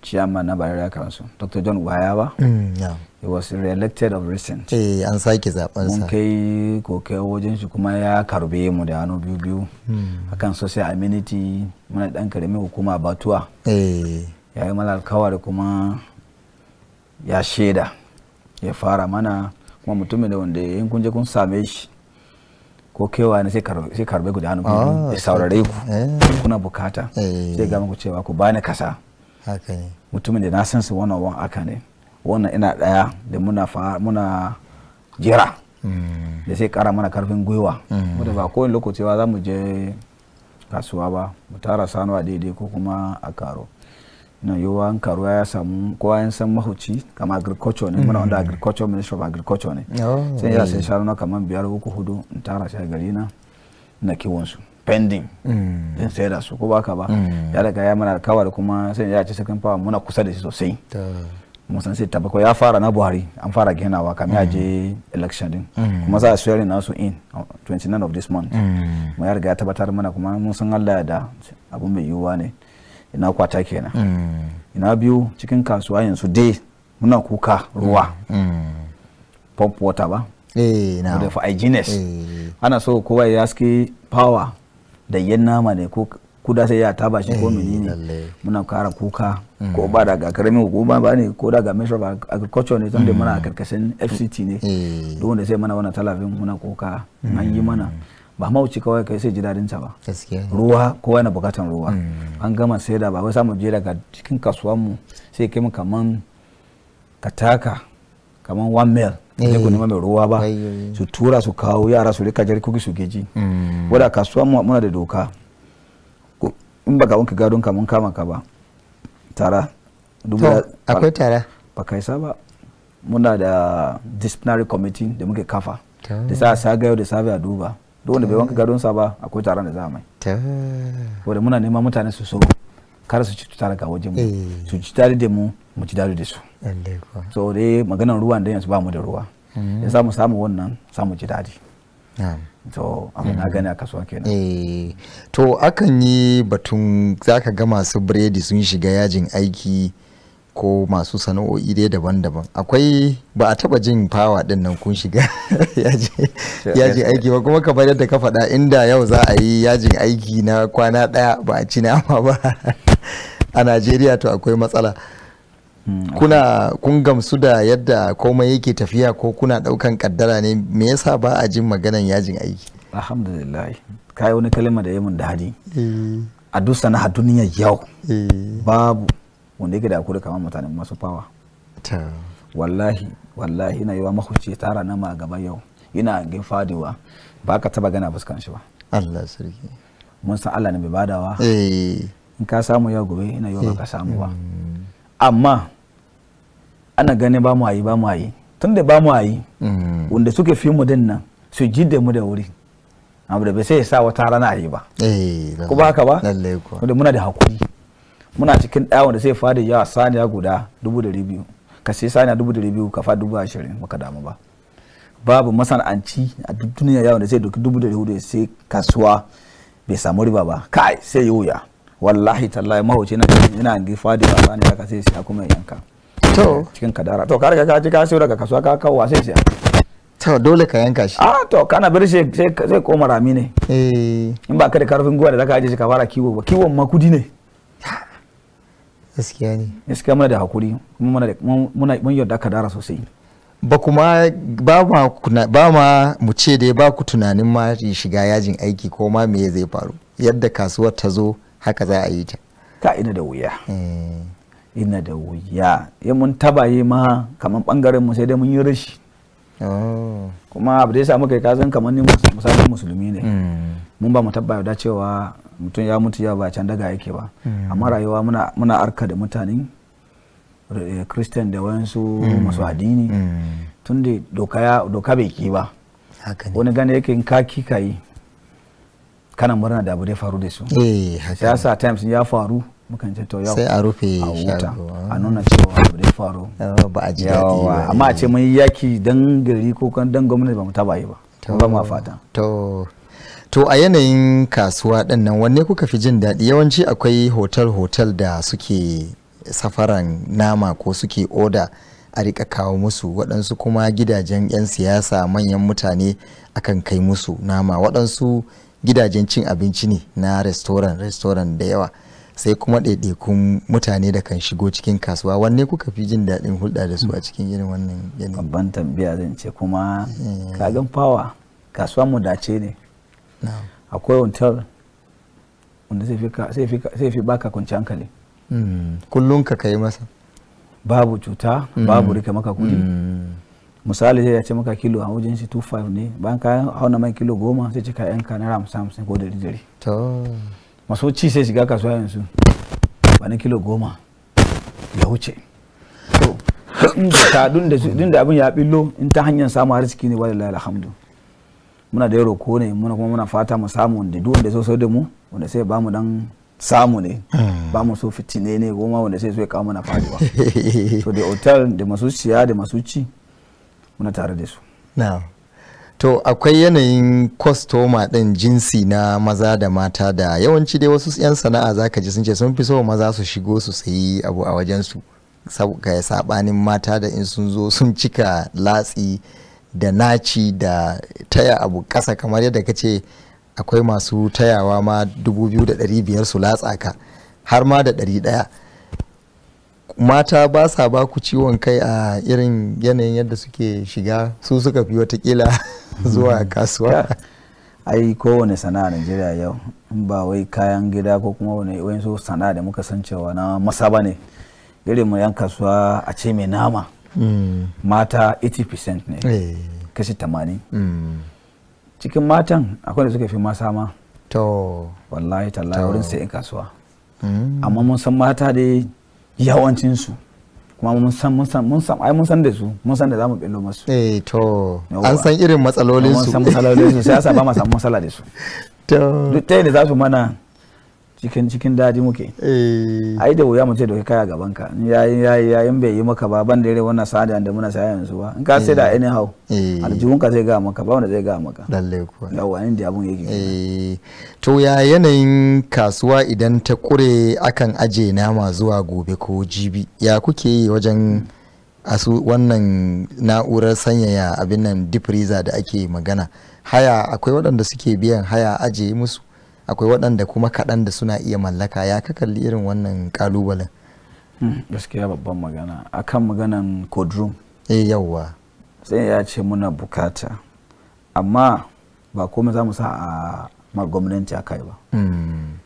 ciyama na bayar kansu dr john wayawa mm, he was re-elected of recent eh an sake zaɓensa. mun kai kokai wajen shi kuma ya karbe mu da hannu biyu biyu hmm. akan social amenity muna dan karamin hukuma batuwa eh ya yi mana alkawari kuma ya shaida ya fara mana kuma mutumin da wanda in kun je kun same shi ko kewa ne sai karbe guda da hannu ah, ya saurare ku eh. kuna bukata eh. sai ga muku cewa ku bani kasa mutumin da na san su wani wani aka ne wannan ina daya da muna muna jira hmm. da sai kara mana karfin gwiwa hmm. wanda ba kowane lokaci za mu je kasuwa ba mu tara sanuwa daidai ko kuma a karo na yiwuwa an karuwa ya samu kowa ya san mahuci kama agriculture ne muna wanda agriculture ministry of agriculture ne oh. sai ya sai sharuna kamar biyar uku hudu in tara shi gari na na kiwon su pending in sai da su ko baka ba ya daga ya mana kawar kuma sai ya ci sakin power muna kusa da shi sosai mun san sai tabbako ya fara na buhari an fara ginawa kamar ya je election din kuma za a swear na su in 29 of this month mu ya riga ya tabbatar mana kuma mun san Allah da abun mai yiwuwa ne ina kwata kenan mm. ina biyu cikin kasuwa yanzu dai muna kuka ruwa mm. pump water ba eh, da fa hygienist eh. ana so kowa ya ski power da yan nama ne ko kuda sai ya taba shi ko eh, menene muna kara kuka mm. ko ba daga karamin hukuma ba ne ko daga ministry of agriculture ne tunda muna karkashin fct ne duk wanda sai mana wannan talabin muna kuka an yi mana ba mauci kawai kai sai ji dadin ta ba ruwa kowa yana bukatan ruwa mm. an gama sai da ba wai samu je daga cikin kasuwan mu sai kai mu kaman kataka kaman one mil ne ku nema mai ruwa ba su tura su kawo yara su rika kuki su geji mm. wadda kasuwan mu muna da doka in baka wanka gadon ka mun kama ka ba tara akwai tara ba kai ba muna da disciplinary committee da muke kafa da sa sagayo da sabi a duba duk wanda bai wanka gadon sa ba akwai taron da za a mai wanda muna neman mutane su so kar su ci tare ga wajen mu eh. su ci tare da mu mu ci tare da su so eh, dai maganar ruwa da yanzu ba mu da ruwa mm. ya samu samu wannan samu ji daɗi to abin na gani a kasuwa kenan eh, to akan yi batun zaka ga masu biredi sun shiga yajin aiki ko masu sana'o'i dai daban-daban akwai ba a taba jin fawa din nan kun shiga yajin aiki ba kuma kamar yadda ka faɗa inda yau za a yi yajin aiki na kwana ɗaya ba a ci nama ba a najeriya to akwai matsala hmm, kuna kun gamsu da yadda komai yake tafiya ko kuna ɗaukan kaddara ne me yasa ba a jin maganan yajin aiki alhamdulillah kai wani kalma da yamin da hadi eh. a duk sana'a duniya yau eh. babu wanda yake da hakuri kamar mutanen masu fawa wallahi wallahi na yiwa mahuci tara na ma gaba yau ina gin fadiwa ba ka taba gana fuskan shi ba Allah sarki mun san Allah ne bai badawa eh. in ka samu yau gobe ina yiwa ba ka samu ba mm. amma ana ganin ba mu ayi ba mu ayi tun da ba mu ayi mm. wanda suke fi mu din nan su ji da mu da wuri amma da bai sai ya sa wata rana ayi ba eh, Ku ba haka ba wanda muna da hakuri muna cikin ɗawon da sai fada yawa saniya guda dubu da biyu ka sai saniya dubu da biyu ka fa dubu ashirin baka damu ba babu masana'anci a duk duniya yawon da sai doki dubu da hudu sai kasuwa bai samu riba ba kai sai yi wuya wallahi tallahi mahauci na yana hangi fadi ba saniya ka sai siya kuma yanka to cikin kadara to ka riga ka ji ka daga kasuwa ka kawo sai siya to dole ka yanka shi ah to kana bar shi sai koma rami ne eh in ba ka da karfin gwiwa da zaka aje shi ka fara kiwo ba kiwon makudi ne gaskiya ne gaskiya muna da hakuri muna mun yarda ka dara sosai ba kuma ba ma ba ma mu ce da ba ku tunanin ma shiga yajin aiki ko ma me zai faru yadda kasuwar ta zo haka za a yi ta ka ina da wuya eh. ina da wuya ya mun tabaye ma kamar bangaren mu sai dai mun yi rashi oh. kuma abu da ya samu kai kazan kamar ni musulmi ne mm. mun ba mu tabbaya da cewa mutum ya mutu ya ba can daga yake ba hmm. amma rayuwa muna arka da mutane eh, christian da wayansu hmm. masu addini hmm. tun da doka bai ki ba wani gane yake in ka yi. kana murna da abu da faru da su siyasa eh, times ya faru mukan ce to sai a rufe shago a nuna cewa abu da faru ba a ji amma a ce mun yaki dan gari ko kan dan gwamnati ba mu taba yi ba ba ma fata to to a yanayin kasuwa ɗin nan wanne kuka fi jin daɗi yawanci akwai hotel-hotel da suke safaran nama ko suke oda a rika kawo musu waɗansu kuma gidajen 'yan siyasa manyan mutane akan kai musu nama waɗansu gidajen cin abinci ne na restoran restoran da yawa sai kuma ɗaiɗaikun mutane da kan shigo cikin kasuwa wanne kuka fi jin daɗin hulɗa da su a cikin irin wannan yanayi babban tabbiya zan ce kuma eh. kagan fawa kasuwa mu dace ne akwai wantar wanda sai fi baka kwanci hankali hmm. kullum ka kai masa babu cuta hmm. babu rike maka kudi hmm. misali zai ce maka kilo a wajen shi 25 ne bayan ka auna mai kilo goma sai cika yan ka naira hamsin hamsin ko dari masu ci sai shiga kasuwa yanzu ba na kilo goma ya wuce to dun da abin ya billo in ta hanyar samun arziki ne wa alhamdu muna da ko ne muna kuma muna fata mu samu wanda duk wanda so da mu wanda sai ba mu dan samu ne hmm. ba mu so fitine ne goma wanda sai so ya kawo mana faduwa so da hotel da masu siya da masu ci muna tare da su to akwai yanayin kwastoma din jinsi na maza da mata da yawanci dai wasu 'yan sana'a zaka ji sun ce sun fi so maza su shigo su sayi abu a wajensu sabanin mata da in sun zo sun cika latsi da naci da taya abu kasa kamar yadda ka ce akwai masu tayawa ma 2,500 su latsa ka har ma da 100 mata ba sa ba ku ciwon kai a irin yanayin yadda suke shiga su suka fi watakila zuwa mm-hmm. kasuwa ai kowane sana'a najeriya yau ba wai kayan gida ko kuma wani wani sana'a da muka san cewa na masaba ne irin mu yan kasuwa a ce mai nama Mm. mata 80% ne eh. kashi 80 mm. cikin matan akwai da suka fi masa ma to wallahi tallahi wurin sai in kasuwa mm. amma mun san mata dai yawancinsu kuma mun san mun san mun san ai mun san da su mun san da zamu bello masu eh to an san irin matsalolin su mun san matsalolin su sai asa ba mu samu matsala da su to duk tayi da za su mana cikin cikin daji muke eh. ai da wuya mutum dauki kaya gaban ka yayi yayin bai yi maka ba ban da wannan sa'ada da muna saya yanzu ba in ka eh. sai da ainihin hau eh. aljihun ka zai ga maka ba wanda zai ga maka lalle kuwa yawa ne da abun yake to ya yanayin kasuwa idan ta kure akan aje nama zuwa gobe ko jibi ya kuke yi wajen asu wannan na'urar sanyaya abin nan deep freezer da ake magana haya akwai waɗanda suke biyan haya aje musu akwai waɗanda kuma kaɗan da suna iya mallaka ya ka kalli irin wannan kalubalen hmm, gaskiya babban magana A kan maganan kodrum eh yawwa sai ya ce muna bukata amma ba komai za mu sa a ma gwamnati a kai ba hmm.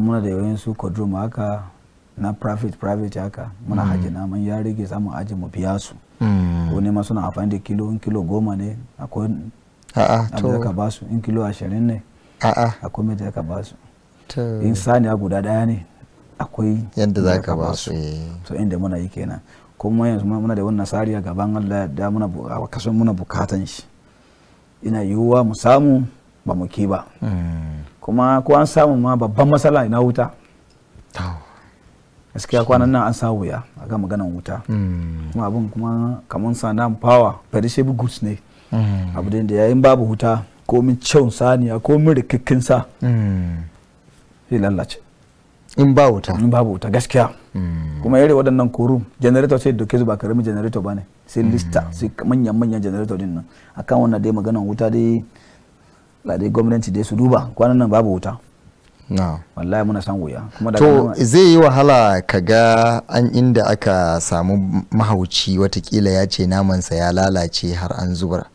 muna da yawan su kodrum haka na private private haka muna mm. haji ya rage samun aji mu biya su hmm. wani ma suna amfani da kilo in kilo goma ne akwai A'a, da ka ba su in kilo ashirin ne a'a akwai mai da ka ba su in saniya guda daya ne akwai yadda za ka ba su so eh. inda muna yi kenan kuma yanzu muna da wannan sariya gaban Allah da muna kasan muna bukatan shi ina yiwuwa mu samu ba mu ke ba hmm. kuma ko an samu ma babban matsala ina wuta gaskiya kwanan nan an sa wuya a ga maganan wuta hmm. kuma abin kuma kamar sana power perishable goods ne hmm. abu da yayin babu wuta komin cin saniya komin rikikin sa mm. zai lallace in ba wuta in ba wuta gaskiya mm. kuma yare waɗannan korum generator sai doke ba karami generator ba ne sai mm. lista sai manyan manyan generator din nan akan wannan dai maganan wuta dai la dai gwamnati dai su duba kwanan nan babu wuta No. wallahi muna san wuya kuma to zai yi wahala ka ga an inda aka samu mahauci watakila ya ce namansa ya lalace har an zubar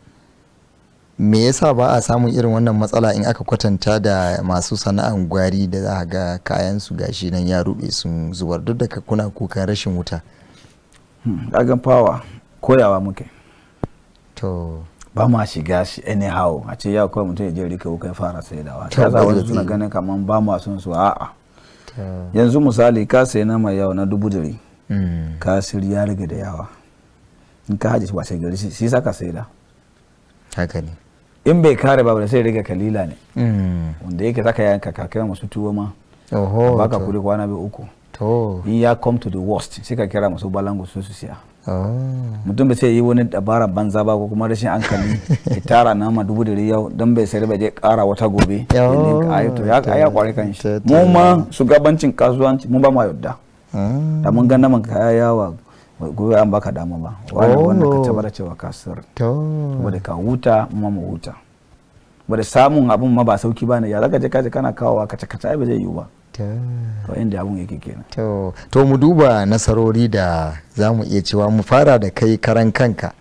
me yasa ba a samun irin wannan matsala in aka kwatanta da masu sana'an gwari da za a ga kayan su gashi nan ya rube sun zubar duk da kuna kukan rashin wuta hmm, kagan fawa koyawa muke to ba ma shiga shi anyhow a ce ya kawai mutum ya je rika wuka fara saidawa ta za wani suna ganin kamar ba ma sun su a'a yanzu misali ka sayi nama yau na dubu dare hmm. ka sir ya riga da yawa in ka haji washe gari shi sa ka saida haka ne in bai kare ba sai riga kalila ne hmm. wanda yake zaka yanka ka masu tuwo ma baka kudi kwana bai uku in ya come to the worst sai ka kira masu balangu su su siya oh. mutum bai sai yi wani dabara banza ba ko kuma rashin hankali Ki tara nama dubu da yau don bai sai ba je kara wata gobe ya kwari kan shi mu ma shugabancin kasuwanci mu ba yadda hmm. da mun ga naman kaya yawa gobe an baka dama ba wani wannan ka oh. tabara cewa kasar saboda ka huta ma mu huta bada samun abun ma ba sauki ba ne ya zaka je kaje kana kawowa kace kace ba zai yiwu ba to inda abun yake kenan to to mu duba nasarori da zamu iya cewa mu fara da kai karan kanka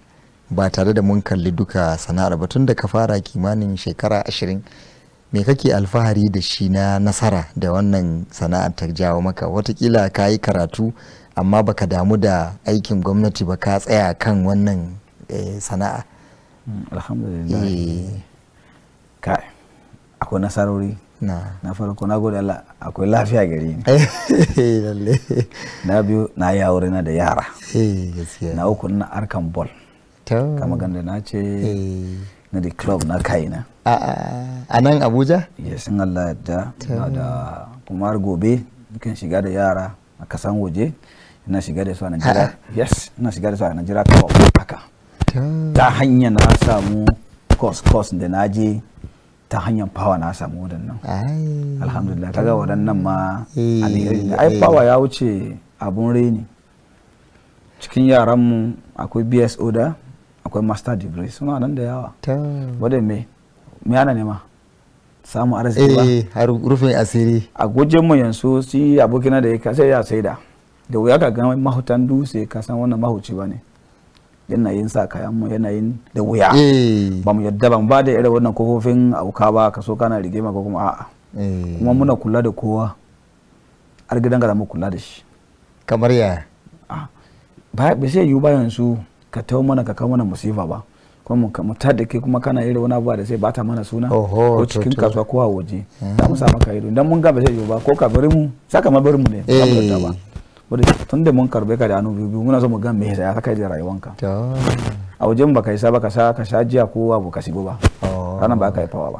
ba tare da mun kalli duka sana'ar ba tun da ka fara kimanin shekara ashirin me kake alfahari da shi na nasara da wannan sana'ar ta jawo maka watakila ka yi karatu amma baka damu da aikin gwamnati ba ka tsaya kan wannan eh, sana'a mm, alhamdulillah eh. akwai nasarori na farko na gode Allah akwai lafiya gari ne eh, na biyu na yi na da yara na uku na arkan bol kama ganda na ce na da club na kaina a nan abuja yes in Allah da kuma har gobe kan shiga da yara a kasan waje na shiga da su a Najeriya yes na shiga da su a Najeriya kawai haka ta hanyar na samu course course da na je ta hanyar power na samu waɗannan alhamdulillah kaga waɗannan ma eh, a' ai eh. power ya wuce abun reni cikin yaranmu akwai bso da akwai master degree suna nan da yawa wadda me me ana nema samu arziki ba eh, rufin asiri a gujen mu yanzu shi abokina da ya kasai ya saida da wuya ka gan mahutan dutse ka san wannan mahuci ba ne yanayin sa kayan mu yanayin da wuya eh. ba mu yadda ban ba da irin wannan kofofin auka ba ka so kana rigima ko kuma a'a eh. kuma muna kula da kowa har gidan ga mu kula da shi kamar ya ba ba sai yiwu ba yanzu ka tawo mana ka kawo mana musifa ba kuma mu ta da ke kuma kana irin wani abuwa da sai bata mana suna ko cikin kasuwa ko a waje eh. za mu sa maka ido idan mun ga ba sai yiwu ba ko ka bari mu saka ma bari mu ne ba mu ba bari tun da mun karbe ka da hannu biyu muna so mu ga me ya saka da rayuwanka a wajen ba ka yi ba ka sa ka sha jiya ko abu ka shigo ba ah. ranar ba ka yi fawa ba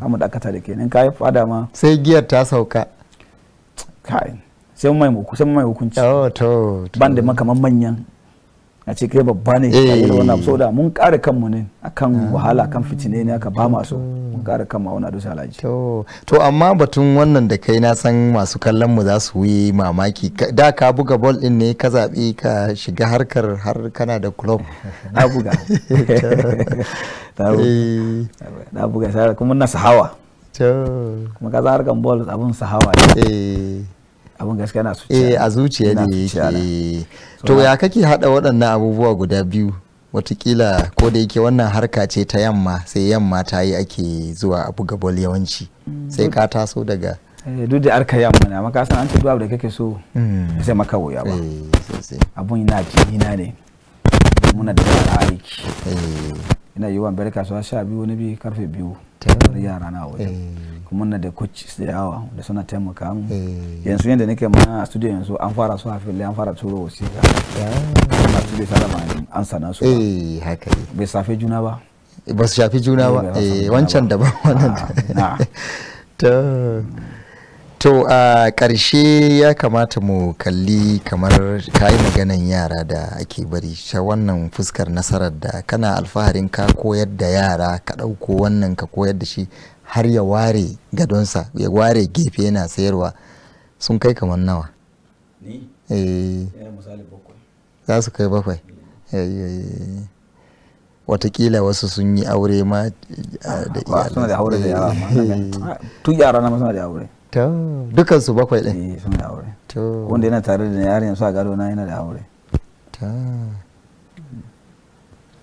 amma da akata da ke ka yi fada ma sai giyar ta sauka kai sai mai hukunci oh, ban da makaman manyan a ce kai babba ne shi wannan so da mun kare kanmu ne akan ah. wahala kan fitine ne aka ba masu mun kare kanmu a wani adusa alhaji to amma batun wannan da kai na san masu kallon mu za su yi mamaki da ka buga ball din ne ka zabi ka shiga harkar har kana da club na buga na buga kuma eh. na sahawa kuma ka harkar ball abun sahawa abin gaskiya na su eh a zuciya ne yake to ya kake hada waɗannan abubuwa guda biyu watakila ko da yake wannan harka ce ta yamma sai yamma ta yi ake zuwa abu gabol yawanci mm. sai ka taso daga eh, duk da arka yamma na maka san an ce duwa da kake so sai mm. maka wuya ba eh, abun yana jinina ne muna da yara aiki eh. ina yi wa bayar kasuwa sha biyu wani bi karfe biyu yara na wajen kuma da coach da yawa da suna taimaka mu eh. yanzu yadda nake mana a studio yanzu an fara su hafi an fara turo wasiƙa ana ah. studio tare ma an sana su eh, bai safe juna ba eh, ba su shafi juna ba wancan wancan ba wannan ah, to to a karshe ya kamata mu kalli kamar kayi maganan yara da ake bari ta wannan fuskar nasarar da kana alfaharin ka koyar da yara ka ɗauko wannan ka koyar da shi har ya ware gadonsa ya ware gefe yana sayarwa sun kai kamar nawa eh. za su kai bakwai mm. eh, eh, watakila wasu sun yi aure ma da iyalai tun yara na suna da aure dukkan su bakwai din wanda yana tare da yarin su a gado na yana da aure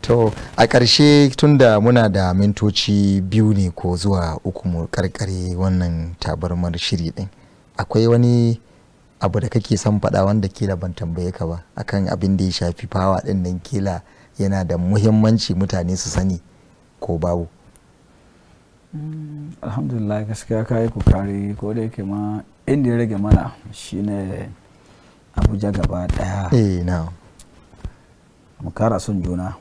to a ƙarshe tunda muna da mintoci biyu ne ko zuwa uku mu karkare wannan tabarmar shiri din akwai wani abu da kake son faɗa wanda kila ban tambaye ka ba akan abin da ya shafi fawa din nan kila yana da muhimmanci mutane su sani ko babu mm, alhamdulillah gaskiya ka yi kare ko da yake ma inda ya rage mana shine abuja gaba daya eh na. mu kara son juna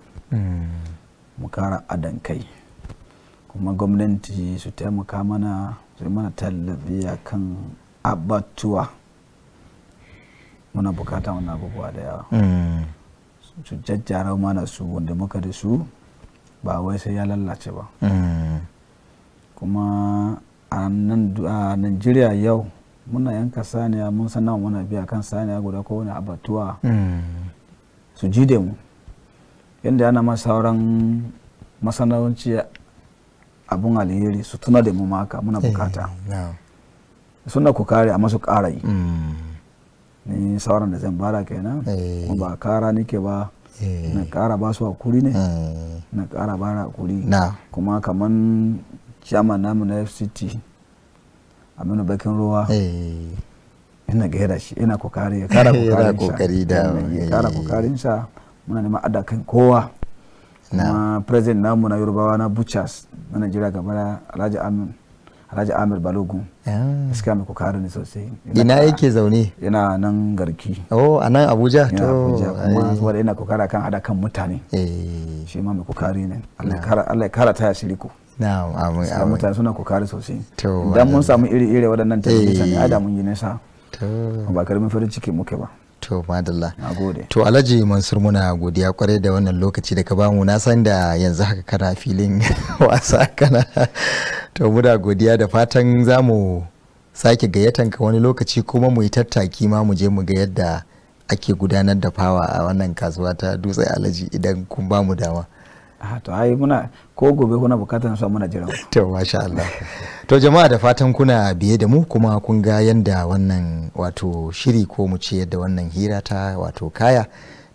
mu kara adan kai kuma gwamnati su taimaka mana su yi mana tallafi a kan abatuwa muna bukata wani abubuwa da yawa su jajjara mana su wanda muka da su ba wai sai ya lalace ba kuma a nan Najeriya yau muna yanka saniya mun san nawa muna biya kan saniya guda kowane abatuwa su ji da mu yadda yana ma sauran masana'anci abun alheri su tuna da mu maka muna eh, bukata suna ku kare a masu karai mm. ni sauran da zan bara kenan eh. kuma ba kara nike ba eh. na kara ba su hakuri ne na kara ba hakuri kuma kaman chairman namu na fct aminu bakin ruwa ina gaira shi ina kokari ya kara kokarin sa muna neman ada kan kowa na president namu na yorubawa na butchers na nigeria gaba alhaji amin alhaji amir balogun ah. gaskiya mai ne sosai ina yake zaune yana nan garki o oh, a nan abuja to abuja kuma saboda yana kokara kan hada kan mutane eh. shi ma mai kokari ne allah ya kara taya shiriko na amin mutane suna kokari sosai idan mun samu iri iri waɗannan tarihi sani ada mun yi nisa ba karamin farin ciki muke ba to madalla to alhaji mansur muna godiya kwarai da wannan lokaci da ka bamu na san da yanzu haka kana filin wasa kana to muna godiya da fatan za mu sake gayyatan ka wani lokaci kuma mu yi tattaki ma mu je mu ga yadda ake gudanar da fawa a wannan kasuwa ta dutse alhaji idan kun bamu dama to ai muna ko gobe kuna bukatar su muna jira to masha Allah to jama'a da fatan kuna biye da mu kuma kun ga yanda wannan wato shiri ko mu ce yadda wannan hira ta wato kaya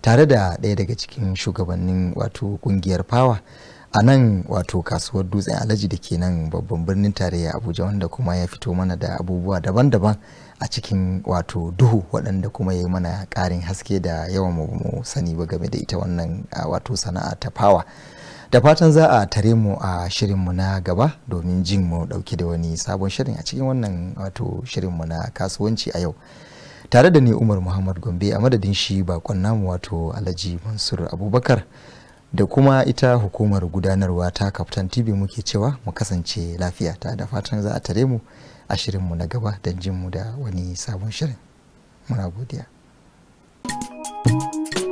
tare da ɗaya daga cikin shugabannin wato kungiyar fawa a nan wato kasuwar dutsen alaji da ke nan babban birnin tarayya abuja wanda kuma ya fito mana da abubuwa daban-daban a cikin wato duhu waɗanda kuma ya yi mana ƙarin haske da yawan mu sani ba game da ita wannan wato sana'a ta fawa da fatan za a tare mu a shirinmu na gaba domin jin mu dauke da wani sabon shirin a cikin wannan wato shirin mu na kasuwanci a yau tare da ni umar muhammad gombe a madadin shi bakon namu wato alhaji mansur abubakar da kuma ita hukumar gudanarwa ta kaftan tv muke cewa mu kasance lafiya ta da fatan za a tare mu a mu na gaba don jin mu da wani sabon shirin muna godiya thank you